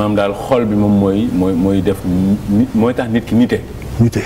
maanaam daal xol bi moom mooy mooy mooy def mooy tax nit ki nite. nite.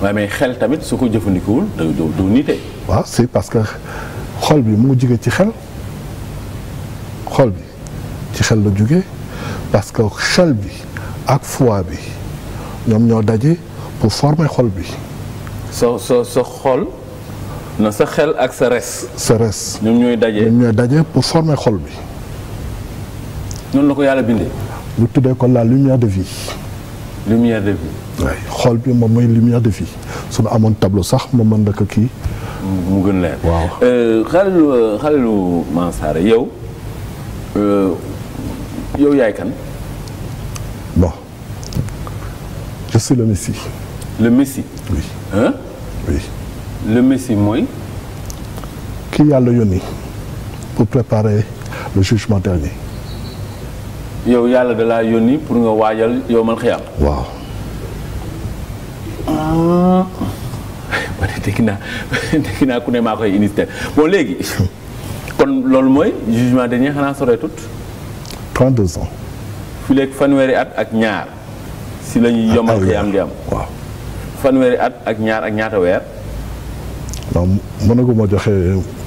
waaye mais xel tamit su ko jëfandikuwul du du nite. waaw c'est parce que xol bi mu ngi jóge ci xel xol bi ci xel la jóge parce que xel bi ak foi bi ñoom ñoo daje pour former xol bi. sa sa sa xol. na sa xel ak sa res. sa res ñoom ñooy daje ñoom daje pour former xol bi. noonu la ko yàlla bindee. ñu tuddee ko la lumière de vie. lumière de vie. waay xool bi moom mooy lumière de vie suñu amoon tableau sax ma mën na ko kii. mu gën leer waaw. Khalilou euh, Khalilou Mansara yow euh, yow yaay kan. bon je le messie. le messie. oui hein. oui. le messie mooy. ki yàlla yónni pour préparer le jugement dernier. yow yàlla da laa yónni pour nga waajal yow man waaw. ma ah. ne dégg naa dégg naa ku ne maa koy initié bon léegi kon loolu mooy jugement dernier xanaa soreetut. 32 ans. fii léegi fanweeri at ak ñaar. si la ñuy yomal xiyam di am waaw. fanweeri at ak ñaar ak ñaata weer. non mënaguma joxe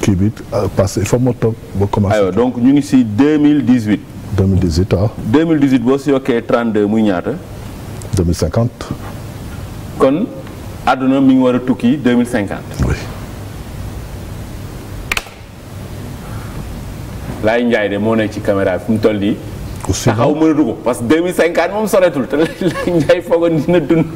kii bi parce que il faut ma toog ba commencé. aywa donc ñu ngi si 2018 waaw. 2018 boo si yokkee 32 muy ñaata. 2050. kon àdduna mi ngi war a tukki 2050. oui. Laye Ndiaye de moo ne ci caméra bi fi mu toll nii. aussi taxaw mënatu ko parce que 2050 moom soreetul te Laye Ndiaye foogoon dina dund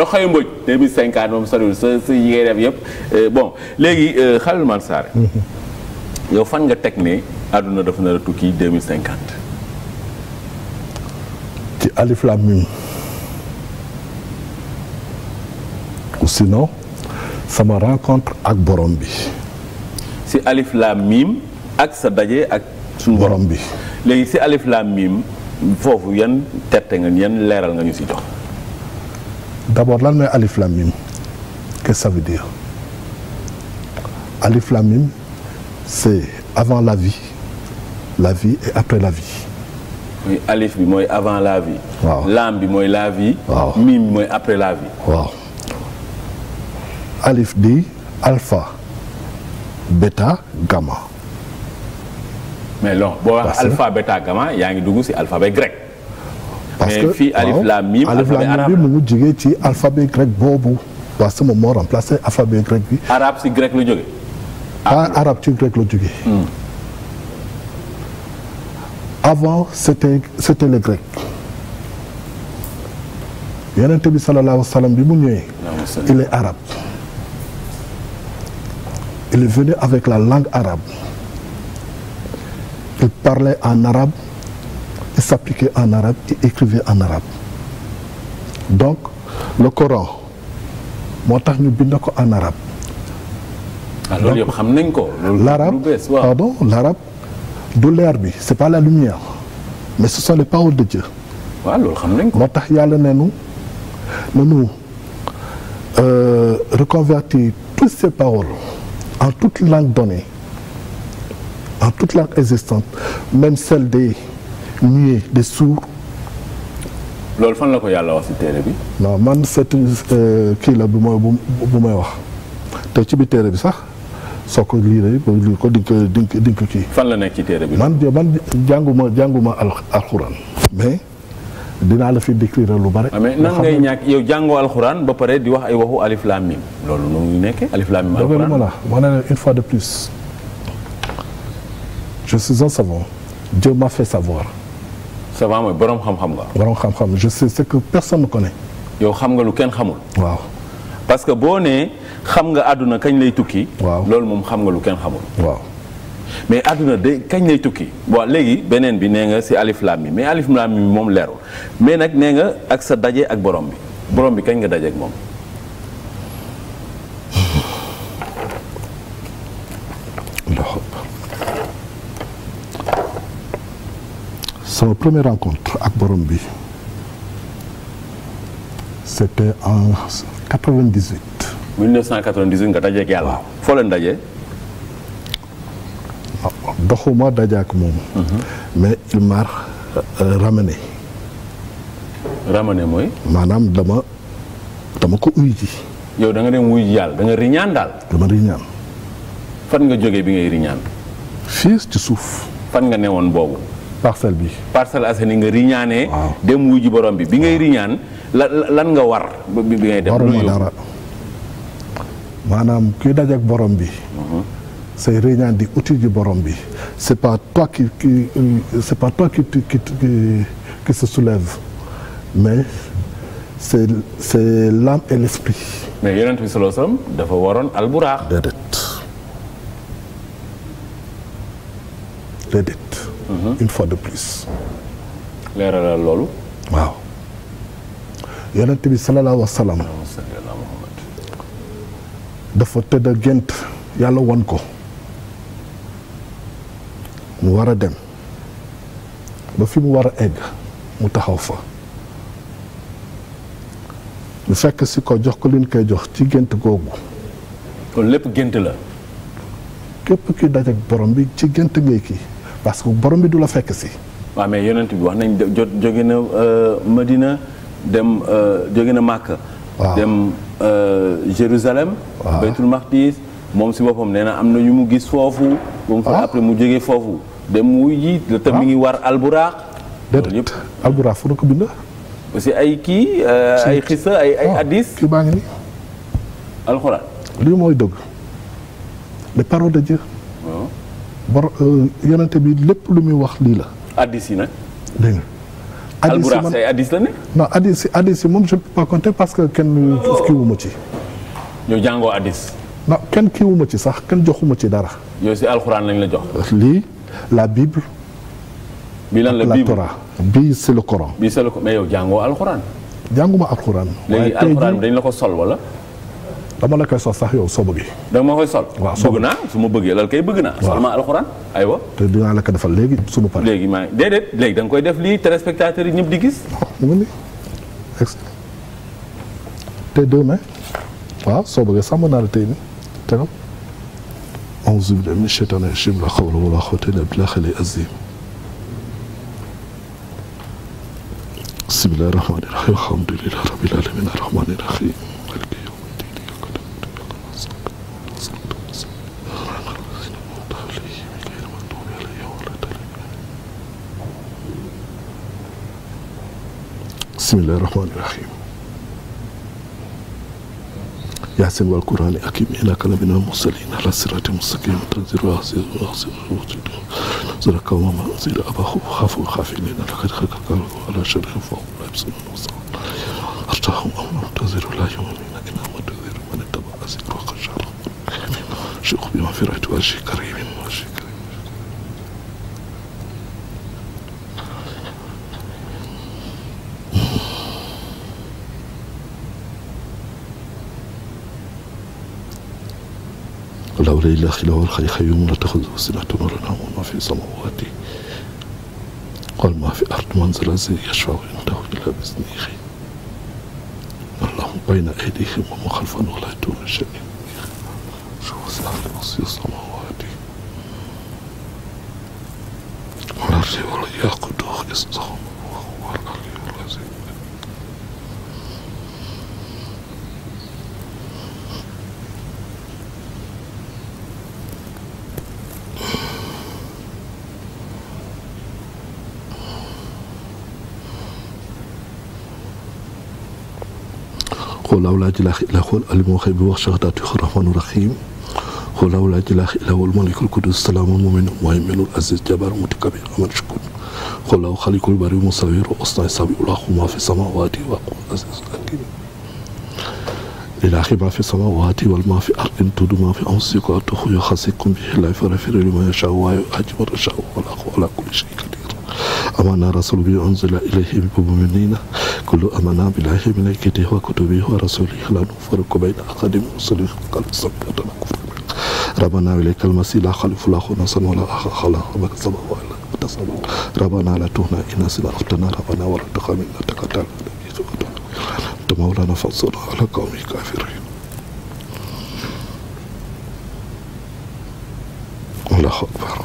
roxoy mboj 2050 moom soreetul sa sa yi ngay def yëpp euh, bon léegi euh, Khalil Mansaré mhm. yow fan nga teg ne àdduna dafa nar a tukki 2050. Alif Lam Mim ou sinon sama rencontre ak borom bi. si Alif Lam Mim ak sa daje ak. suñu borom bi léegi si Alif Lam Mim foofu yan terte nga yan leeral nga ñu si jox. d'abord lan mooy Alif Lam Mim qu'est-ce que ça veut Alif Lam Mim c'est avant la vie la vie et après la vie. mooy alif bi mooy avant la vie. waaw laam bi mooy la vie. waaw bi mooy après la vie. waaw alif di alpha beta gamma. mais non boo wax beta gamma yaa ngi dugg ci alphabet grec. parce que alif laam miim alif laam miim mu ngi ci alphabet grec boobu. waaw sama moo remplacé alphabet grec bi. arabe ci grec la jógee. Ah, avant c'était c'était les Grecs yonent bi sallallahu alayhi bi mu ñëwee il est arabe il est venu avec la langue arabe il parlait en arabe il s'appliquait en arabe il écrivait en arabe donc le Coran moo tax ñu bind ko en arabe. ah loolu yëpp xam nañ l'arabe du leer bi c'est pas la lumière mais ce sont les paroles de Dieu. waaw loolu xam nañ ko. moo tax yàlla nañu nañu euh, reconvertir toutes ces paroles en toute langue donnée en toute langue existante même celle des muets de sourds. loolu fan la ko yàlla wax ci téere bi. non man seet euh, kii la bu may bu may wax te ci bi téere bi sax. soo ko liiree ba liir ko di nga ko di ko kii. fan la nekk ci téere bi. man man jànguma jànguma alxuraan. mais dinaa la fi décrire lu bare. Ah, mais nan ngay ñàkk yow jàngoo alxuraan ba pare di wax ay waxu alif laam mim. loolu noonu nekke alif laam mim alxuraan ma la ma ne une fois de plus je suis un savant Dieu m'a fait savoir. savant mooy borom xam-xam nga. borom xam-xam je sais que personne ne yow xam nga lu kenn xamul. waaw parce que boo nee. xam nga àdduna kañ lay tukki. waaw loolu moom xam nga lu kenn xamul. waaw mais àdduna day kañ lay tukki. waaw léegi beneen bi nee nga si alif laam mi mais alif laam mi moom leerul mais nag nee nga ak sa daje ak borom bi borom bi kañ nga daje ak moom. sama première rencontre ak borom bi c'était en 1998 nga dajeeg yàlla. foo leen dajee. doxuma dajaak moom. Mhm. mais il m'a euh, ramené. mooy. maanaam dama dama ko uyu ji. yow danga nga dem wuyu yàlla danga nga riñaan daal. dama riñaan. fan nga jóge bi ngay riñaan. fii ci suuf. fan nga ne woon boobu. parcelle bi. parcelle Assainies nga riñaanee. dem wuyu ji borom bi bi ngay riñaan lan lan nga war. bi ngay dem waruma dara. maanaam kuy dajeek borom bi mhm. say réunion di outil ji borom bi c'est pas toi qui c'est pas toi qui qui qui se mais c'est c'est l'âme et l'esprit. mais yonent bi dafa waroon alburaax. déedéet mhm. de plus. leeralal loolu. waaw yonent bi sallallahu alayhi dafa tëdd a gént yàlla won ko mu war a dem ba fi mu war a egg mu taxaw fa lu fekk si ko jox ko liñ koy jox ci gént googu kon lépp gént la képp ki daj ak borom bi ci gént ngay kii parce que borom bi du la fekk si waaw mais yonent bi wax nañ jot joge na euh, Madina dem euh, jóge na Màkka waaw dem euh, Jérusalem. waaw Baytul moom si boppam nee na am na yu mu gis foofu. moom fa ah. après mu jóge foofu. dem wuy ji la ah. mi ngi war alburaaq. loolu yëpp alburaaq fu na ko bind. aussi ay kii ay xisa ay ay ah, kii baa ngi nii. alxuraan. lii mooy dëgg. les paroles de bor euh, yonente bi lépp lu muy wax lii la. hadis yi nag dégg al yi man hadis la ne. non hadis hadis moom je ne peux pas compter parce que kenn kii wu ma ci. yow jàngoo hadis. non kenn kii ma ci sax kenn joxuma ci dara. yow si alxuraan lañ la jox. lii la Bible. bi lan la Bible la Torah bii c'est le Coran. bii c'est le Coran mais yow jàngoo alxuraan. jànguma alxuraan. waaye léegi dañ la ko sol wala. dama la koy sol sax yow soo bëggee. da nga ma koy sol. waaw soo bëgg naa su ma bëggee lal kay bëgg naa. waaw sol ma alxuraan aywa. te dinaa la ko defal léegi suñu a léegi maa ngi déedéet léegi da koy def lii téléspectateurs yi ñëpp di gis. Oh, mu ngi te demain waaw soo bëggee sàmm naa la tey nii tegal. auzu billaahi mina shaytaani rajiim laa hawla wa laa quwwata illaa billaahi al-aliyyil aziim. bismillaahi rahmaani rahiim alhamdulillaahi rabbil aalamiin arrahmaani rahiim bisimillahi rahmanirahim yaasin wal qurani hakim innaka la minal mursalin ala sirati mustaqim tanzir wa ahsin wa ahsin sura kawma ma sira abahu xafu xafilin laqad xakakal ala sharri fa la yabsirun wa artahum amnam tanzir la yuminuna inna ma tanzir man ittaba asir wa qashar shiqu bi mafirati wa shi karimin لا إله إلا هو الحي القيوم لا تأخذه سنة ولا نوم ما في سماواته قال ما في الأرض من ذا الذي يشفع عنده إلا بإذنه الله بين أيديهم ومن خلفهم ولا يأتون شيء شوف سهل نصي السماوات والأرض ولا يأخذه إصدهم قل أولاد لا إله الموحد والشهادة الرحمن الرحيم قل أولاد لا إله الملك القدوس السلام المؤمن المؤمن العزيز الجبار المتكبر أمر شكر قل أو خالق البر المصور وأصنع سبيل الله ما في السماوات وأقوم العزيز الحكيم لله ما في السماوات والما في الأرض إن تدوا ما في أنفسكم أو تخفوا يخصكم به الله فيغفر لمن يشاء ويعجب من يشاء والله على كل شيء قدير أمانا رسول به أنزل إليه بمؤمنين kullu amana billahi wa malaikatihi wa kutubihi wa rasulihi la nufarriqu bayna ahadin min rusulihi wa qalu sami'na wa ata'na rabbana wa ilaykal masih la khalifu la khunsan wa la khala wa kasaba wa la tasaba rabbana la tuhna inna sila aftana rabbana wa la tuhamilna takatal ta mawlana fansurna ala qawmi kafirin Allahu akbar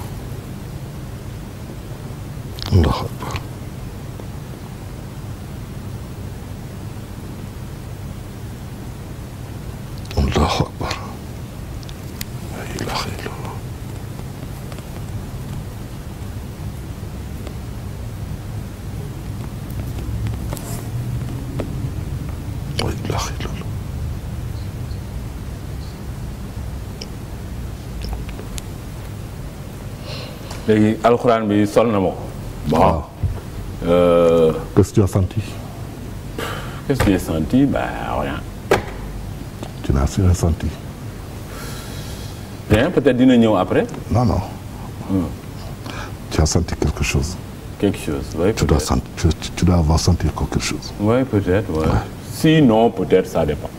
léegi alxuraan bi sol na ma ko. waaw. Euh, qu'est-ce que rien. tu n'as rien peut-être dina ñëw après. non non. Hmm. tu as quelque chose. quelque chose oui, tu dois sentir quelque chose. oui peut peut-être ça dépend.